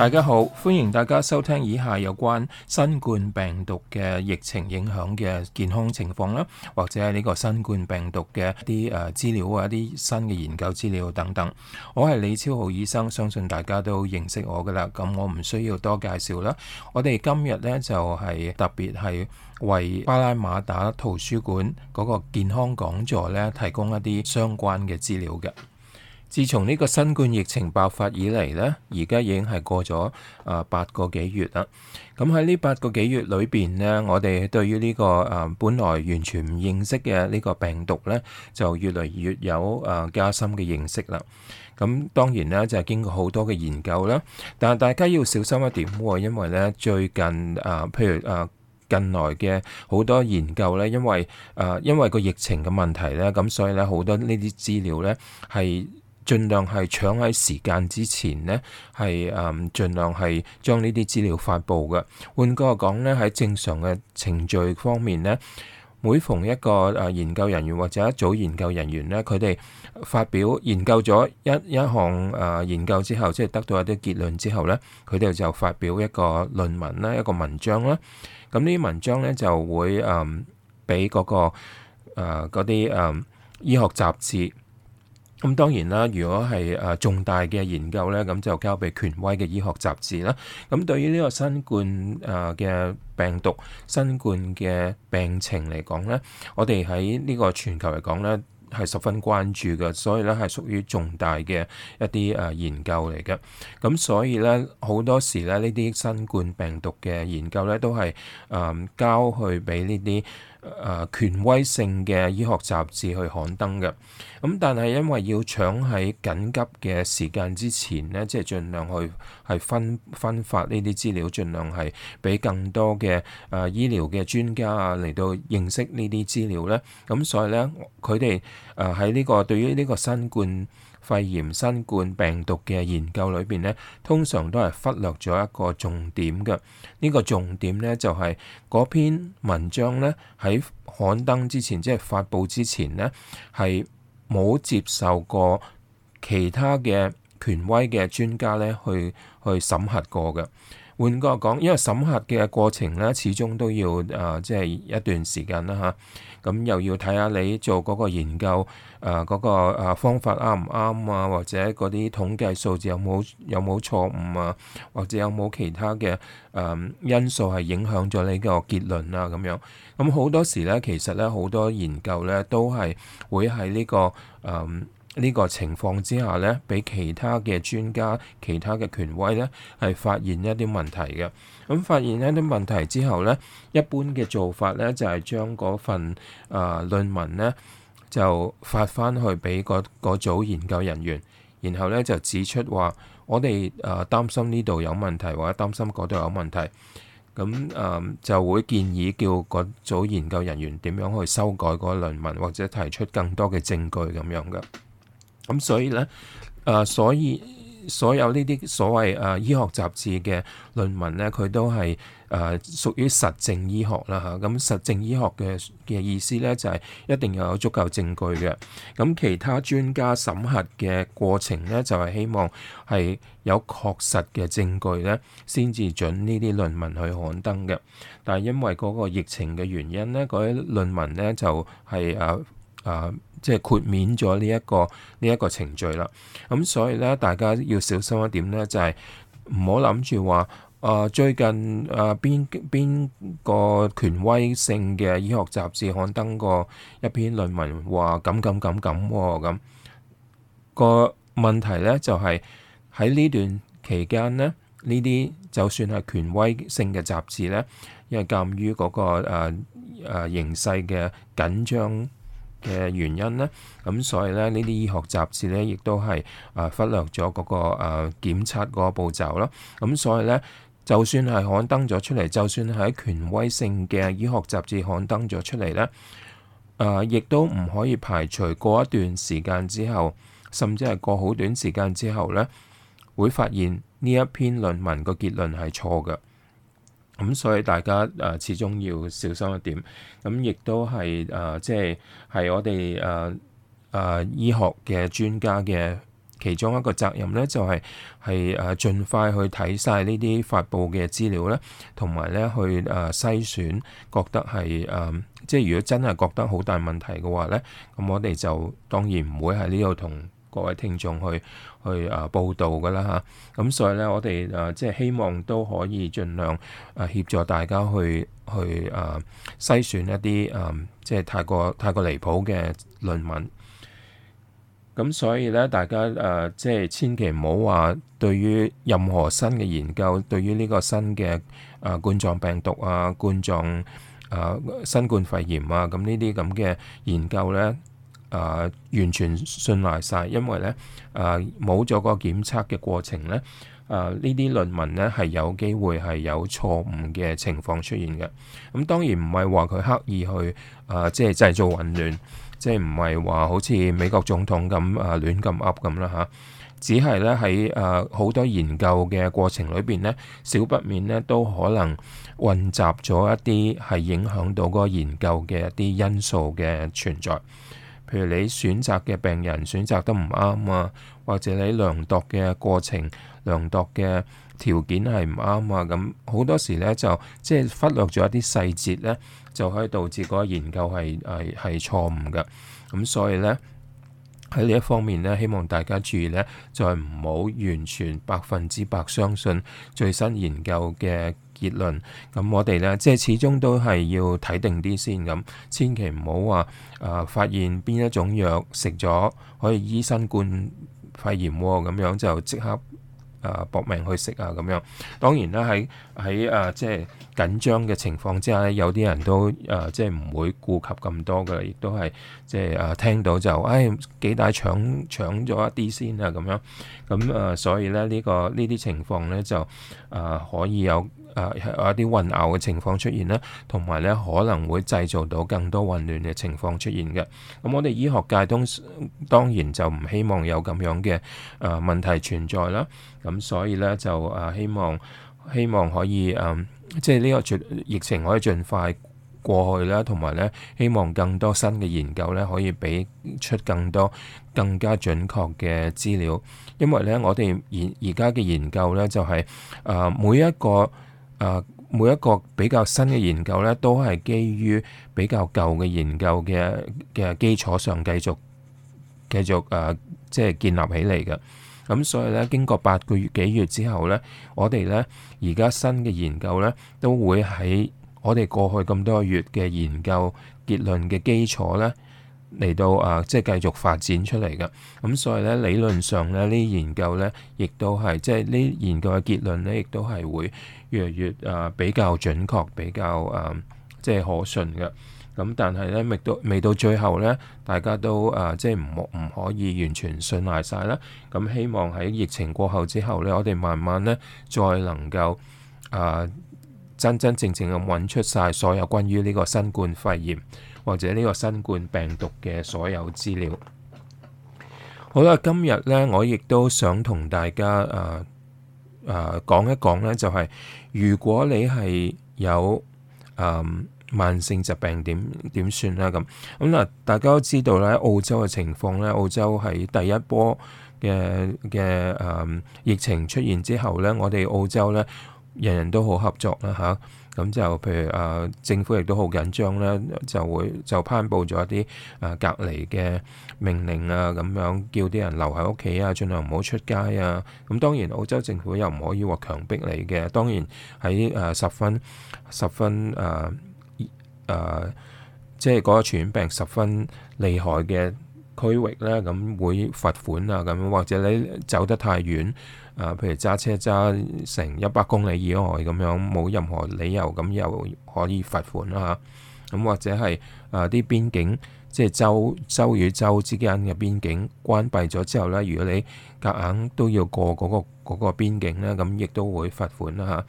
大家好，歡迎大家收聽以下有關新冠病毒嘅疫情影響嘅健康情況啦，或者係呢個新冠病毒嘅一啲誒資料啊，一啲新嘅研究資料等等。我係李超豪醫生，相信大家都認識我噶啦，咁我唔需要多介紹啦。我哋今日呢就係特別係為巴拉馬打圖書館嗰個健康講座呢提供一啲相關嘅資料嘅。自從呢個新冠疫情爆發以嚟呢，而家已經係過咗啊、呃、八個幾月啦。咁喺呢八個幾月裏邊呢，我哋對於呢、這個啊、呃、本來完全唔認識嘅呢個病毒呢，就越嚟越有啊、呃、加深嘅認識啦。咁當然呢，就係、是、經過好多嘅研究啦。但係大家要小心一點喎，因為呢最近啊、呃，譬如啊、呃，近來嘅好多研究呢，因為啊、呃，因為個疫情嘅問題呢，咁所以呢，好多呢啲資料呢係。儘量係搶喺時間之前呢，係誒儘量係將呢啲資料發布嘅。換句話講呢，喺正常嘅程序方面呢，每逢一個誒研究人員或者一組研究人員呢，佢哋發表研究咗一一項誒研究之後，即係得到一啲結論之後呢，佢哋就發表一個論文啦，一個文章啦。咁呢啲文章呢，就會誒俾嗰個嗰啲誒醫學雜誌。咁當然啦，如果係誒重大嘅研究咧，咁就交俾權威嘅醫學雜誌啦。咁對於呢個新冠誒嘅病毒、新冠嘅病情嚟講咧，我哋喺呢個全球嚟講咧係十分關注嘅，所以咧係屬於重大嘅一啲誒研究嚟嘅。咁所以咧好多時咧呢啲新冠病毒嘅研究咧都係誒、嗯、交去俾呢啲。誒、啊、權威性嘅醫學雜誌去刊登嘅，咁但係因為要搶喺緊急嘅時間之前呢，即係盡量去係分分發呢啲資料，盡量係俾更多嘅誒、啊、醫療嘅專家啊嚟到認識呢啲資料呢。咁所以呢，佢哋喺呢個對於呢個新冠。肺炎新冠病毒嘅研究裏邊呢，通常都係忽略咗一個重點嘅。呢個重點呢，就係嗰篇文章呢，喺刊登之前，即係發布之前呢，係冇接受過其他嘅權威嘅專家呢去去審核過嘅。換句講，因為審核嘅過程呢，始終都要啊，即係一段時間啦嚇。咁又要睇下你做嗰個研究，誒、呃、嗰、那個誒方法啱唔啱啊，或者嗰啲統計數字有冇有冇錯誤啊，或者有冇其他嘅誒、呃、因素係影響咗你個結論啊，咁樣。咁、嗯、好多時咧，其實咧好多研究咧都係會喺呢、這個誒。呃呢個情況之下呢，俾其他嘅專家、其他嘅權威呢，係發現一啲問題嘅。咁發現一啲問題之後呢，一般嘅做法呢，就係將嗰份誒論、呃、文呢，就發翻去俾嗰組研究人員，然後呢就指出話我哋誒擔心呢度有問題，或者擔心嗰度有問題。咁誒、呃、就會建議叫嗰組研究人員點樣去修改嗰論文，或者提出更多嘅證據咁樣嘅。咁所以咧，誒、呃，所以所有呢啲所謂誒、呃、醫學雜誌嘅論文咧，佢都係誒、呃、屬於實證醫學啦嚇。咁、啊、實證醫學嘅嘅意思咧，就係、是、一定要有足夠證據嘅。咁、啊、其他專家審核嘅過程咧，就係、是、希望係有確實嘅證據咧，先至准呢啲論文去刊登嘅。但係因為嗰個疫情嘅原因咧，嗰啲論文咧就係、是啊。誒、啊、誒。即係豁免咗呢一個呢一個程序啦，咁、嗯、所以咧大家要小心一點咧，就係唔好諗住話啊最近啊邊邊個權威性嘅醫學雜誌刊登過一篇論文話咁咁咁咁咁個問題咧，就係喺呢段期間咧，呢啲就算係權威性嘅雜誌咧，因為鑑於嗰個誒、呃呃、形勢嘅緊張。嘅原因呢？咁所以呢呢啲醫學雜誌呢，亦都係、呃、忽略咗嗰、嗰個啊、呃、檢測嗰個步驟咯。咁所以呢，就算係刊登咗出嚟，就算喺權威性嘅醫學雜誌刊登咗出嚟呢、呃，亦都唔可以排除過一段時間之後，甚至係過好短時間之後呢，會發現呢一篇論文個結論係錯嘅。咁、嗯、所以大家誒、呃、始終要小心一點。咁、嗯、亦都係誒、呃，即係係我哋誒誒醫學嘅專家嘅其中一個責任咧，就係係誒盡快去睇晒呢啲發布嘅資料咧，同埋咧去誒篩、呃、選，覺得係誒、呃、即係如果真係覺得好大問題嘅話咧，咁我哋就當然唔會喺呢度同，各位聽眾去去啊報道㗎啦吓，咁啊所以咧我哋啊即係希望都可以盡量啊協助大家去去啊篩選一啲啊即係太過太過離譜嘅論文。咁啊所以咧大家啊即係千祈唔好話對於任何新嘅研究，對於呢個新嘅啊冠狀病毒啊冠狀啊新冠肺炎啊咁呢啲咁嘅研究咧。誒、啊、完全信賴晒，因為咧誒冇咗個檢測嘅過程咧，誒呢啲論文咧係有機會係有錯誤嘅情況出現嘅。咁、啊、當然唔係話佢刻意去誒、啊，即係製造混亂，即係唔係話好似美國總統咁誒、啊、亂咁噏咁啦吓，只係咧喺誒好多研究嘅過程裏邊咧，少不免咧都可能混雜咗一啲係影響到嗰個研究嘅一啲因素嘅存在。譬如你選擇嘅病人選擇得唔啱啊，或者你量度嘅過程、量度嘅條件係唔啱啊，咁好多時咧就即係、就是、忽略咗一啲細節咧，就可以導致個研究係係係錯誤嘅。咁所以咧喺呢一方面咧，希望大家注意咧，就係唔好完全百分之百相信最新研究嘅。結論咁，我哋咧即係始終都係要睇定啲先咁，千祈唔好話誒發現邊一種藥食咗可以醫新冠肺炎喎，啊，咁樣就即刻誒搏、呃、命去食啊咁樣。當然啦，喺喺誒即係緊張嘅情況之下咧，有啲人都誒、呃、即係唔會顧及咁多嘅，亦都係即係誒、呃、聽到就誒幾大搶搶咗一啲先啊咁樣。咁誒、呃，所以咧呢、呢個呢啲情況咧就誒、呃、可以有。誒有一啲混淆嘅情況出現啦，同埋咧可能會製造到更多混亂嘅情況出現嘅。咁、嗯、我哋醫學界當當然就唔希望有咁樣嘅誒、呃、問題存在啦。咁、嗯、所以咧就誒、啊、希望希望可以誒、嗯，即係呢個疫情可以盡快過去啦，同埋咧希望更多新嘅研究咧可以俾出更多更加準確嘅資料。因為咧我哋而而家嘅研究咧就係、是、誒、呃、每一個。啊，每一個比較新嘅研究咧，都係基於比較舊嘅研究嘅嘅基礎上繼續繼續啊，即係建立起嚟嘅。咁所以咧，經過八個月幾月之後咧，我哋咧而家新嘅研究咧，都會喺我哋過去咁多月嘅研究結論嘅基礎咧。嚟到啊，即係繼續發展出嚟嘅，咁所以咧，理論上咧呢研究咧，亦都係即係呢研究嘅結論咧，亦都係會越嚟越啊比較準確、比較啊即係可信嘅。咁但係咧未到未到最後咧，大家都啊即係唔唔可以完全信賴晒啦。咁、啊、希望喺疫情過後之後咧，我哋慢慢咧再能夠啊真真正正咁搵出晒所有關於呢個新冠肺炎。或者呢個新冠病毒嘅所有資料，好啦，今日咧我亦都想同大家啊啊講一講咧，就係、是、如果你係有嗯、呃、慢性疾病點點算啦咁咁啊，大家都知道咧，澳洲嘅情況咧，澳洲喺第一波嘅嘅嗯疫情出現之後咧，我哋澳洲咧人人都好合作啦嚇。咁就譬如誒、啊，政府亦都好緊張啦，就會就頒布咗一啲誒、啊、隔離嘅命令啊，咁樣叫啲人留喺屋企啊，儘量唔好出街啊。咁、啊、當然澳洲政府又唔可以話強迫你嘅。當然喺誒、啊、十分十分誒誒，即係嗰個傳染病十分厲害嘅區域咧，咁、啊、會罰款啊，咁或者你走得太遠。誒、啊，譬如揸車揸成一百公里以外咁樣，冇任何理由咁又可以罰款啦吓，咁、啊、或者係誒啲邊境，即係州州與州之間嘅邊境關閉咗之後咧，如果你夾硬，硬都要過嗰、嗰個嗰邊、嗰個、境咧，咁亦都會罰款啦吓、啊，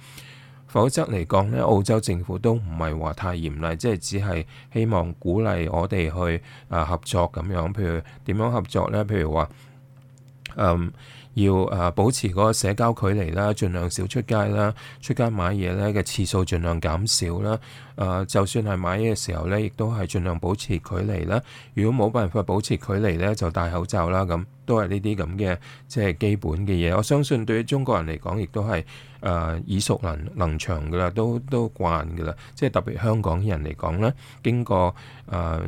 否則嚟講咧，澳洲政府都唔係話太嚴厲，即係只係希望鼓勵我哋去誒、啊、合作咁樣。譬如點樣合作咧？譬如話，嗯。要誒保持嗰個社交距離啦，儘量少出街啦，出街買嘢咧嘅次數儘量減少啦。誒、呃，就算係買嘢嘅時候咧，亦都係儘量保持距離啦。如果冇辦法保持距離咧，就戴口罩啦咁。都係呢啲咁嘅，即係基本嘅嘢。我相信對於中國人嚟講，亦都係誒耳熟能能詳噶啦，都都慣噶啦。即係特別香港人嚟講呢，經過誒誒、呃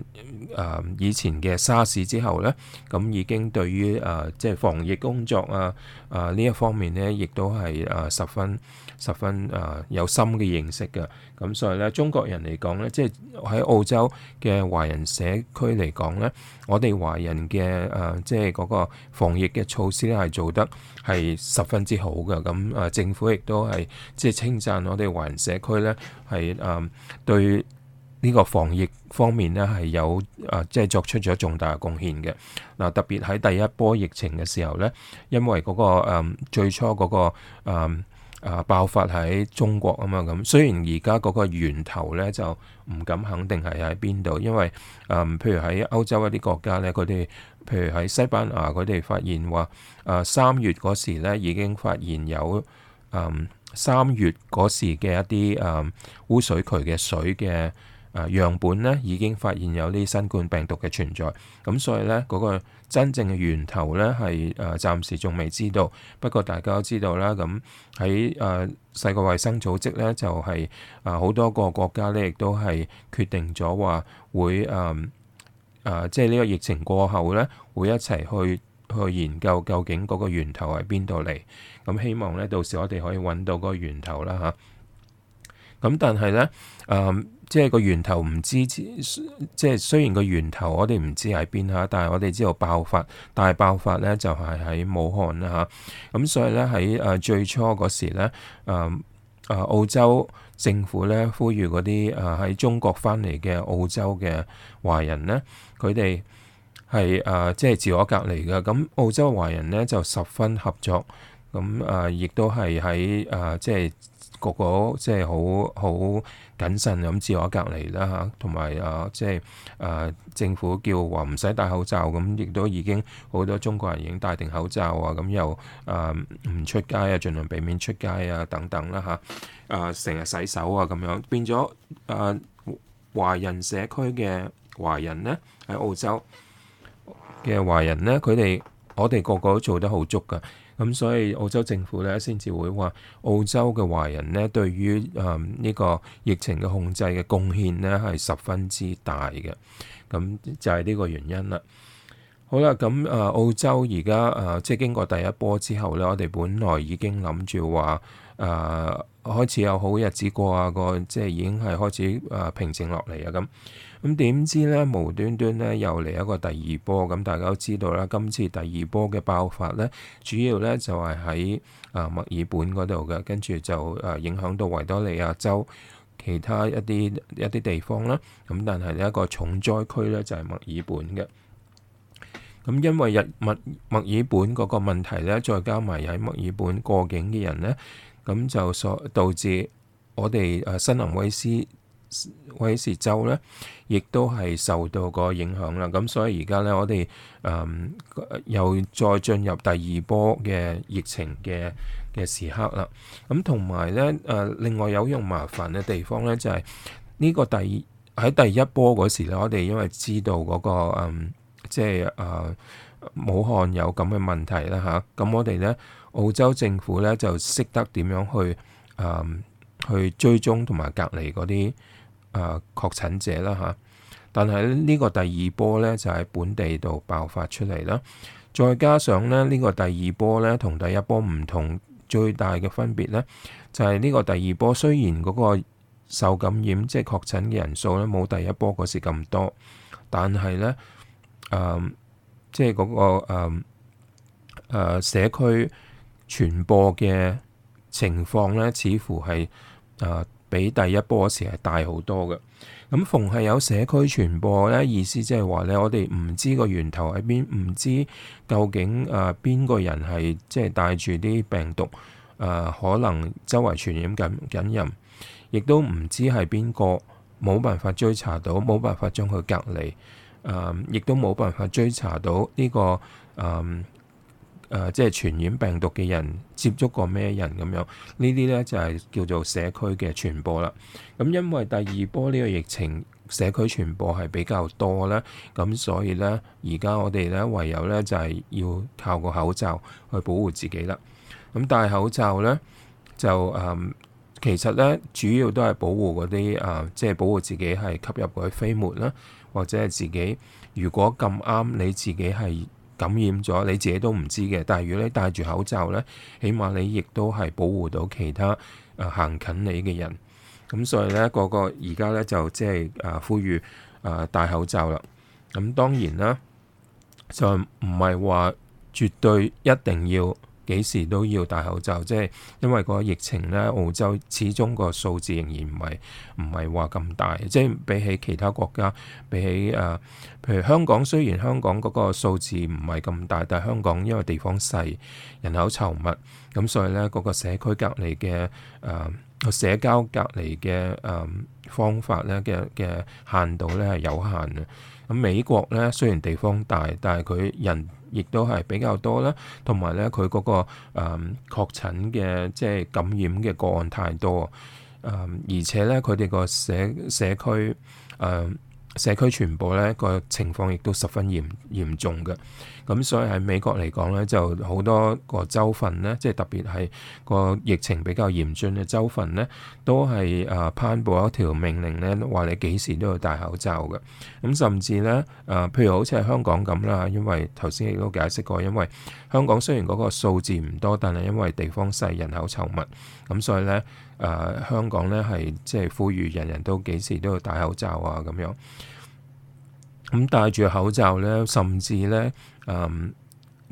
呃、以前嘅沙士之後呢，咁已經對於誒、呃、即係防疫工作啊啊呢、呃、一方面呢，亦都係誒、呃、十分，十分誒、呃、有心嘅認識嘅，咁所以咧，中國人嚟講咧，即係喺澳洲嘅華人社區嚟講咧，我哋華人嘅誒、呃，即係嗰個防疫嘅措施咧，係做得係十分之好嘅。咁、嗯、誒，政府亦都係即係稱讚我哋華人社區咧，係誒、呃、對呢個防疫方面咧係有誒、呃、即係作出咗重大嘅貢獻嘅。嗱、呃，特別喺第一波疫情嘅時候咧，因為嗰、嗰個、呃、最初嗰、嗰個、呃啊！爆發喺中國啊嘛。咁，雖然而家嗰個源頭咧就唔敢肯定係喺邊度，因為誒、嗯、譬如喺歐洲一啲國家咧，佢哋譬如喺西班牙佢哋發現話，誒、啊、三月嗰時咧已經發現有誒三、嗯、月嗰時嘅一啲誒、嗯、污水渠嘅水嘅。水啊！樣本咧已經發現有呢新冠病毒嘅存在，咁、啊、所以咧嗰、嗰個真正嘅源頭咧係誒暫時仲未知道。不過大家都知道啦，咁喺誒世界衞生組織咧就係誒好多個國家咧亦都係決定咗話會誒、啊啊、即係呢個疫情過後咧會一齊去去研究究竟嗰個源頭係邊度嚟。咁、啊、希望咧到時我哋可以揾到嗰個源頭啦吓，咁、啊啊、但係咧誒？啊啊即係個源頭唔知，即係雖然個源頭我哋唔知喺邊嚇，但係我哋知道爆發大爆發咧就係喺武漢嚇。咁所以咧喺誒最初嗰時咧，誒誒澳洲政府咧呼籲嗰啲誒喺中國翻嚟嘅澳洲嘅華人咧，佢哋係誒即係自我隔離嘅。咁澳洲華人咧就十分合作，咁誒亦都係喺誒即係個個即係好好。就是謹慎咁自我隔離啦嚇，同埋啊即係啊政府叫話唔使戴口罩咁，亦都已經好多中國人已經戴定口罩啊，咁又啊唔、呃、出街啊，儘量避免出街啊等等啦吓，啊成日洗手啊咁樣，變咗啊、呃、華人社區嘅華人呢，喺澳洲嘅華人呢，佢哋我哋個個都做得好足㗎。咁、嗯、所以澳洲政府咧，先至會話澳洲嘅華人呢，對於誒呢、嗯呢個疫情嘅控制嘅貢獻呢，係十分之大嘅。咁、嗯、就係、是、呢個原因啦。好啦，咁、嗯、啊澳洲而家啊，即係經過第一波之後呢，我哋本來已經諗住話誒開始有好日子過啊，個即係已經係開始誒平靜落嚟啊咁。嗯咁點知呢？無端端呢，又嚟一個第二波，咁大家都知道啦。今次第二波嘅爆發呢，主要呢就係喺墨爾本嗰度嘅，跟住就誒影響到維多利亞州其他一啲一啲地方啦。咁但係呢一個重災區呢，就係墨爾本嘅。咁因為日墨墨爾本嗰個問題呢，再加埋喺墨爾本過境嘅人呢，咁就所導致我哋誒新南威斯威士州咧，亦都係受到個影響啦。咁所以而家咧，我哋誒、嗯、又再進入第二波嘅疫情嘅嘅時刻啦。咁同埋咧誒，另外有用麻煩嘅地方咧，就係、是、呢個第喺第一波嗰時咧，我哋因為知道嗰、那個誒、嗯，即係誒、啊、武漢有咁嘅問題啦吓。咁我哋咧，澳洲政府咧就識得點樣去誒、嗯、去追蹤同埋隔離嗰啲。誒確診者啦嚇，但係呢個第二波咧就喺本地度爆發出嚟啦。再加上咧，呢個第二波咧同第一波唔同，最大嘅分別咧就係呢個第二波雖然嗰個受感染即係確診嘅人數咧冇第一波嗰時咁多，但係咧即係嗰個誒、嗯嗯、社區傳播嘅情況咧似乎係誒。嗯比第一波嗰時係大好多嘅，咁逢係有社區傳播咧，意思即係話咧，我哋唔知個源頭喺邊，唔知究竟啊邊、呃、個人係即係帶住啲病毒，啊、呃、可能周圍傳染緊緊人，亦都唔知係邊個，冇辦法追查到，冇辦法將佢隔離，啊、呃，亦都冇辦法追查到呢、呢個啊。呃誒、呃，即係傳染病毒嘅人接觸過咩人咁樣？呢啲呢就係、是、叫做社區嘅傳播啦。咁、嗯、因為第二波呢個疫情社區傳播係比較多啦，咁所以呢，而家我哋呢，唯有呢就係、是、要靠個口罩去保護自己啦。咁、嗯、戴口罩呢，就誒、嗯，其實呢主要都係保護嗰啲誒，即、啊、係、就是、保護自己係吸入嗰啲飛沫啦，或者係自己如果咁啱你自己係。感染咗你自己都唔知嘅，但係如果你戴住口罩咧，起碼你亦都係保護到其他誒行、呃、近你嘅人。咁所以咧個個而家咧就即係誒呼籲誒、呃、戴口罩啦。咁當然啦，就唔係話絕對一定要。幾時都要戴口罩，即係因為個疫情咧，澳洲始終個數字仍然唔係唔係話咁大，即係比起其他國家，比起誒、呃，譬如香港，雖然香港嗰個數字唔係咁大，但係香港因為地方細、人口稠密，咁所以咧嗰、嗰個社區隔離嘅誒個社交隔離嘅誒、呃、方法咧嘅嘅限度咧係有限嘅。美國咧雖然地方大，但係佢人亦都係比較多啦，同埋咧佢嗰個誒、嗯、確診嘅即係感染嘅個案太多，嗯、而且咧佢哋個社社區、嗯社區全部咧個情況亦都十分嚴嚴重嘅，咁所以喺美國嚟講咧，就好多個州份咧，即係特別係個疫情比較嚴峻嘅州份咧，都係啊頒布一條命令咧，話你幾時都要戴口罩嘅。咁甚至咧啊、呃，譬如好似喺香港咁啦，因為頭先亦都解釋過，因為香港雖然嗰個數字唔多，但係因為地方細、人口稠密，咁所以咧。誒、呃、香港咧係即係呼籲人人都幾時都要戴口罩啊咁樣，咁、嗯、戴住口罩咧，甚至咧誒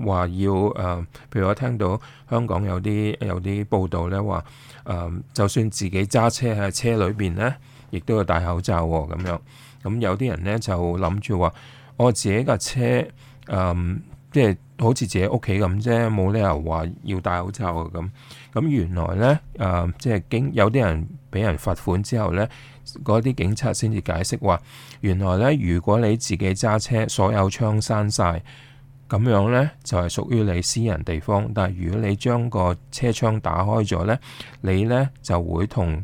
話要誒、呃，譬如我聽到香港有啲有啲報道咧話誒，就算自己揸車喺車裏邊咧，亦都要戴口罩喎、啊、咁樣。咁、嗯、有啲人咧就諗住話，我自己架車誒、呃、即係。好似自己屋企咁啫，冇理由話要戴口罩啊咁。咁原來呢，誒、呃，即係經有啲人俾人罰款之後呢，嗰啲警察先至解釋話，原來呢，如果你自己揸車，所有窗閂晒，咁樣呢就係、是、屬於你私人地方。但係如果你將個車窗打開咗呢，你呢就會同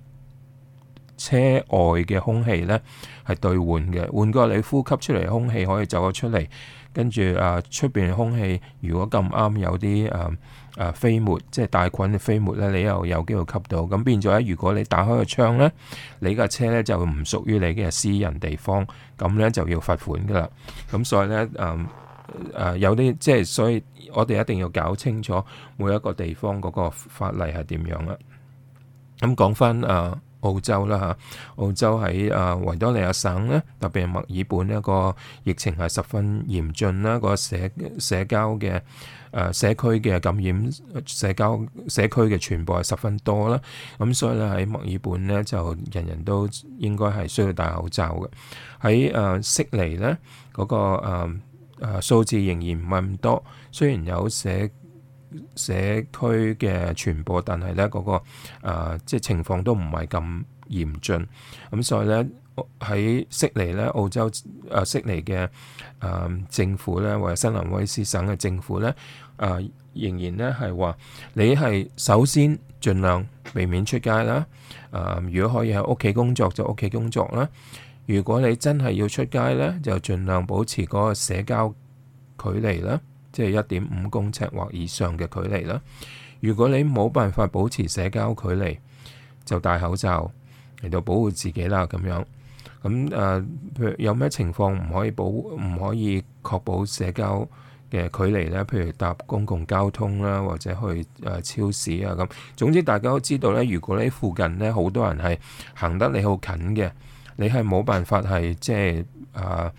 車外嘅空氣呢係對換嘅，換過你呼吸出嚟空氣可以走咗出嚟。跟住啊，出、呃、邊空氣如果咁啱有啲誒誒飛沫，即係大菌嘅飛沫咧，你又有機會吸到。咁變咗咧，如果你打開個窗咧，你架車咧就唔屬於你嘅私人地方，咁咧就要罰款㗎喇。咁所以咧誒誒有啲即係，所以我哋一定要搞清楚每一個地方嗰個法例係點樣啦。咁講返啊。呃澳洲啦嚇，澳洲喺啊維多利亞省咧，特別係墨爾本呢個疫情係十分嚴峻啦，個社社交嘅誒社區嘅感染、社交社區嘅傳播係十分多啦，咁所以咧喺墨爾本咧就人人都應該係需要戴口罩嘅。喺誒悉尼咧嗰、那個誒誒、啊、數字仍然唔係咁多，雖然有社社區嘅傳播，但係咧嗰個、呃、即係情況都唔係咁嚴峻，咁、嗯、所以咧喺悉尼咧澳洲誒、呃、悉尼嘅誒、呃、政府咧，或者新南威斯省嘅政府咧，誒、呃、仍然咧係話你係首先盡量避免出街啦，誒、呃、如果可以喺屋企工作就屋企工作啦，如果你真係要出街咧，就盡量保持嗰個社交距離啦。即係一點五公尺或以上嘅距離啦。如果你冇辦法保持社交距離，就戴口罩嚟到保護自己啦。咁樣咁誒、呃，譬如有咩情況唔可以保唔可以確保社交嘅距離咧？譬如搭公共交通啦，或者去誒、呃、超市啊咁。總之大家都知道咧，如果你附近咧好多人係行得你好近嘅，你係冇辦法係即係誒。呃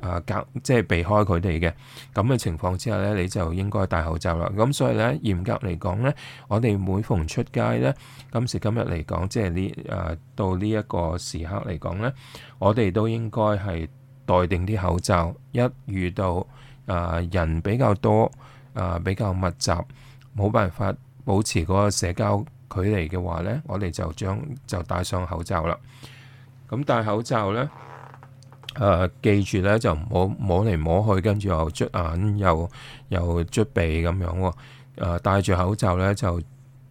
啊，隔即係避開佢哋嘅咁嘅情況之下呢，你就應該戴口罩啦。咁所以呢，嚴格嚟講呢，我哋每逢出街呢，今時今日嚟講，即係呢啊到呢一個時刻嚟講呢，我哋都應該係戴定啲口罩。一遇到啊人比較多啊比較密集，冇辦法保持嗰個社交距離嘅話呢，我哋就將就戴上口罩啦。咁戴口罩呢。誒、呃，記住咧就唔好摸嚟摸去，跟住又捽眼又又捽鼻咁樣，哦。誒、呃，戴住口罩咧就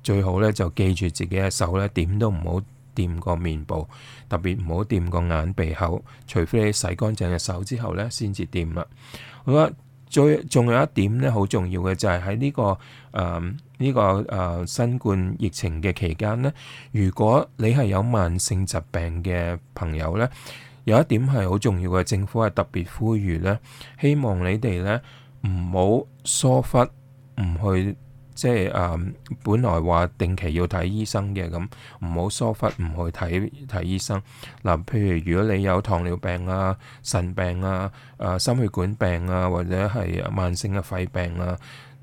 最好咧就記住自己嘅手咧，點都唔好掂個面部，特別唔好掂個眼鼻口，除非你洗乾淨嘅手之後咧先至掂啦。我覺得最仲有一點咧好重要嘅就係喺呢個誒呢、呃呢個誒、呃、新冠疫情嘅期間咧，如果你係有慢性疾病嘅朋友咧。有一點係好重要嘅，政府係特別呼籲咧，希望你哋咧唔好疏忽，唔去即係誒、呃，本來話定期要睇醫生嘅咁，唔好疏忽唔去睇睇醫生。嗱、呃，譬如如果你有糖尿病啊、腎病啊、誒、呃、心血管病啊，或者係慢性嘅肺病啊。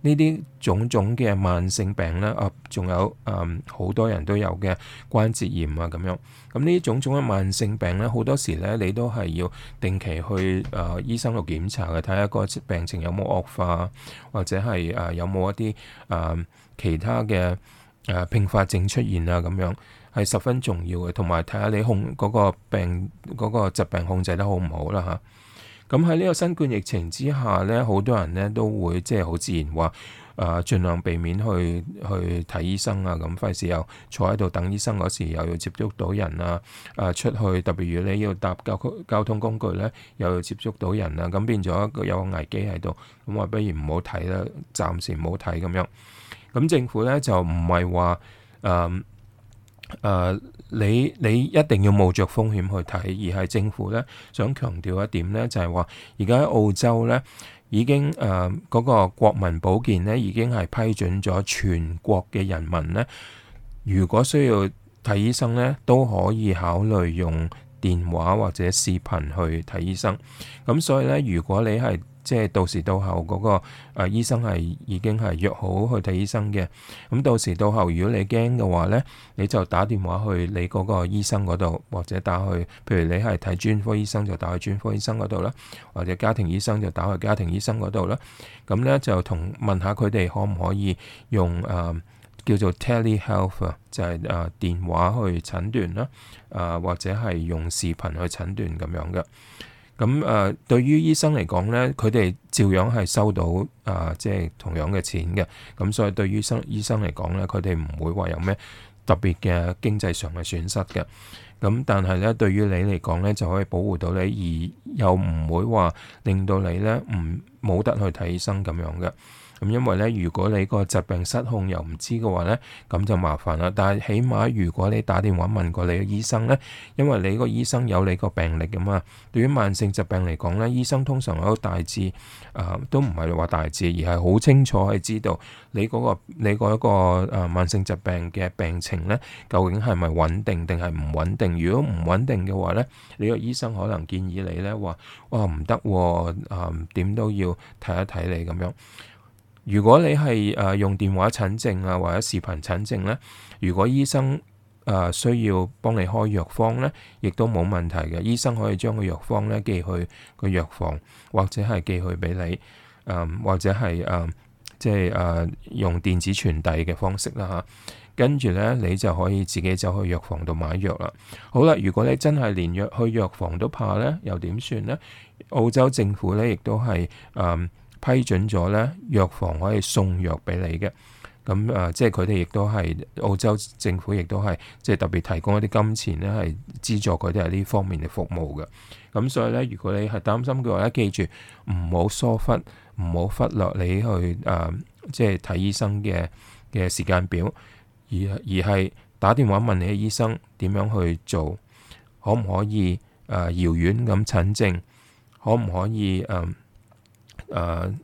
呢啲種種嘅慢性病咧，啊，仲有誒好多人都有嘅關節炎啊，咁樣。咁、嗯、呢種種嘅慢性病咧，好多時咧，你都係要定期去誒、呃、醫生度檢查嘅，睇下個病情有冇惡化，或者係誒、呃、有冇一啲誒、呃、其他嘅誒併發症出現啊，咁樣係十分重要嘅。同埋睇下你控嗰、那個病嗰、嗰個疾病控制得好唔好啦嚇。咁喺呢個新冠疫情之下呢，好多人呢都會即係好自然話，誒，呃、盡量避免去去睇醫生啊！咁費事又坐喺度等醫生嗰時，又要接觸到人啊！呃、出去特別如你要搭交通工具呢，又要接觸到人啊，咁變咗有個危機喺度，咁話不如唔好睇啦，暫時唔好睇咁樣。咁政府呢就唔係話你你一定要冒着風險去睇，而係政府咧想強調一點咧，就係話而家喺澳洲咧已經誒嗰、呃那個國民保健咧已經係批准咗全國嘅人民咧，如果需要睇醫生咧，都可以考慮用電話或者視頻去睇醫生。咁所以咧，如果你係即係到時到後嗰個誒醫生係已經係約好去睇醫生嘅，咁到時到後如果你驚嘅話呢，你就打電話去你嗰個醫生嗰度，或者打去，譬如你係睇專科醫生就打去專科醫生嗰度啦，或者家庭醫生就打去家庭醫生嗰度啦。咁呢，就同問下佢哋可唔可以用誒、啊、叫做 telehealth，就係誒、啊、電話去診斷啦，誒、啊、或者係用視頻去診斷咁樣嘅。咁誒、嗯，對於醫生嚟講咧，佢哋照樣係收到啊、呃，即係同樣嘅錢嘅。咁、嗯、所以對於生醫生嚟講咧，佢哋唔會話有咩特別嘅經濟上嘅損失嘅。咁、嗯、但係咧，對於你嚟講咧，就可以保護到你，而又唔會話令到你咧唔冇得去睇醫生咁樣嘅。咁因為咧，如果你個疾病失控又唔知嘅話咧，咁就麻煩啦。但係起碼如果你打電話問過你嘅醫生咧，因為你個醫生有你個病歷噶嘛。對於慢性疾病嚟講咧，醫生通常都大致誒、呃、都唔係話大致，而係好清楚去知道你嗰個你嗰個誒、呃、慢性疾病嘅病情咧，究竟係咪穩定定係唔穩定？如果唔穩定嘅話咧，你個醫生可能建議你咧話哇唔得，誒點、哦啊呃、都要睇一睇你咁樣。如果你係誒用電話診症啊，或者視頻診症咧，如果醫生誒、呃、需要幫你開藥方咧，亦都冇問題嘅。醫生可以將個藥方咧寄去個藥房，或者係寄去俾你誒、呃，或者係誒、呃、即係誒、呃、用電子傳遞嘅方式啦嚇。跟住咧，你就可以自己走去藥房度買藥啦。好啦，如果你真係連去藥房都怕咧，又點算咧？澳洲政府咧亦都係誒、呃批准咗呢藥房可以送藥俾你嘅。咁啊、呃，即係佢哋亦都係澳洲政府，亦都係即係特別提供一啲金錢呢係資助佢哋喺呢方面嘅服務嘅。咁所以呢，如果你係擔心嘅話，記住唔好疏忽，唔好忽略你去誒、呃，即係睇醫生嘅嘅時間表，而而係打電話問你嘅醫生點樣去做，可唔可以誒遙遠咁診症，可唔可以誒？呃誒、呃，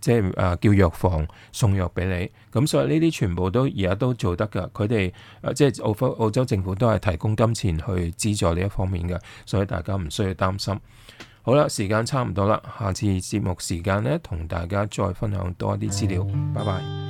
即係誒、呃、叫藥房送藥俾你，咁、嗯、所以呢啲全部都而家都做得㗎。佢哋、呃、即係澳洲澳洲政府都係提供金錢去資助呢一方面嘅，所以大家唔需要擔心。好啦，時間差唔多啦，下次節目時間呢，同大家再分享多啲資料。嗯、拜拜。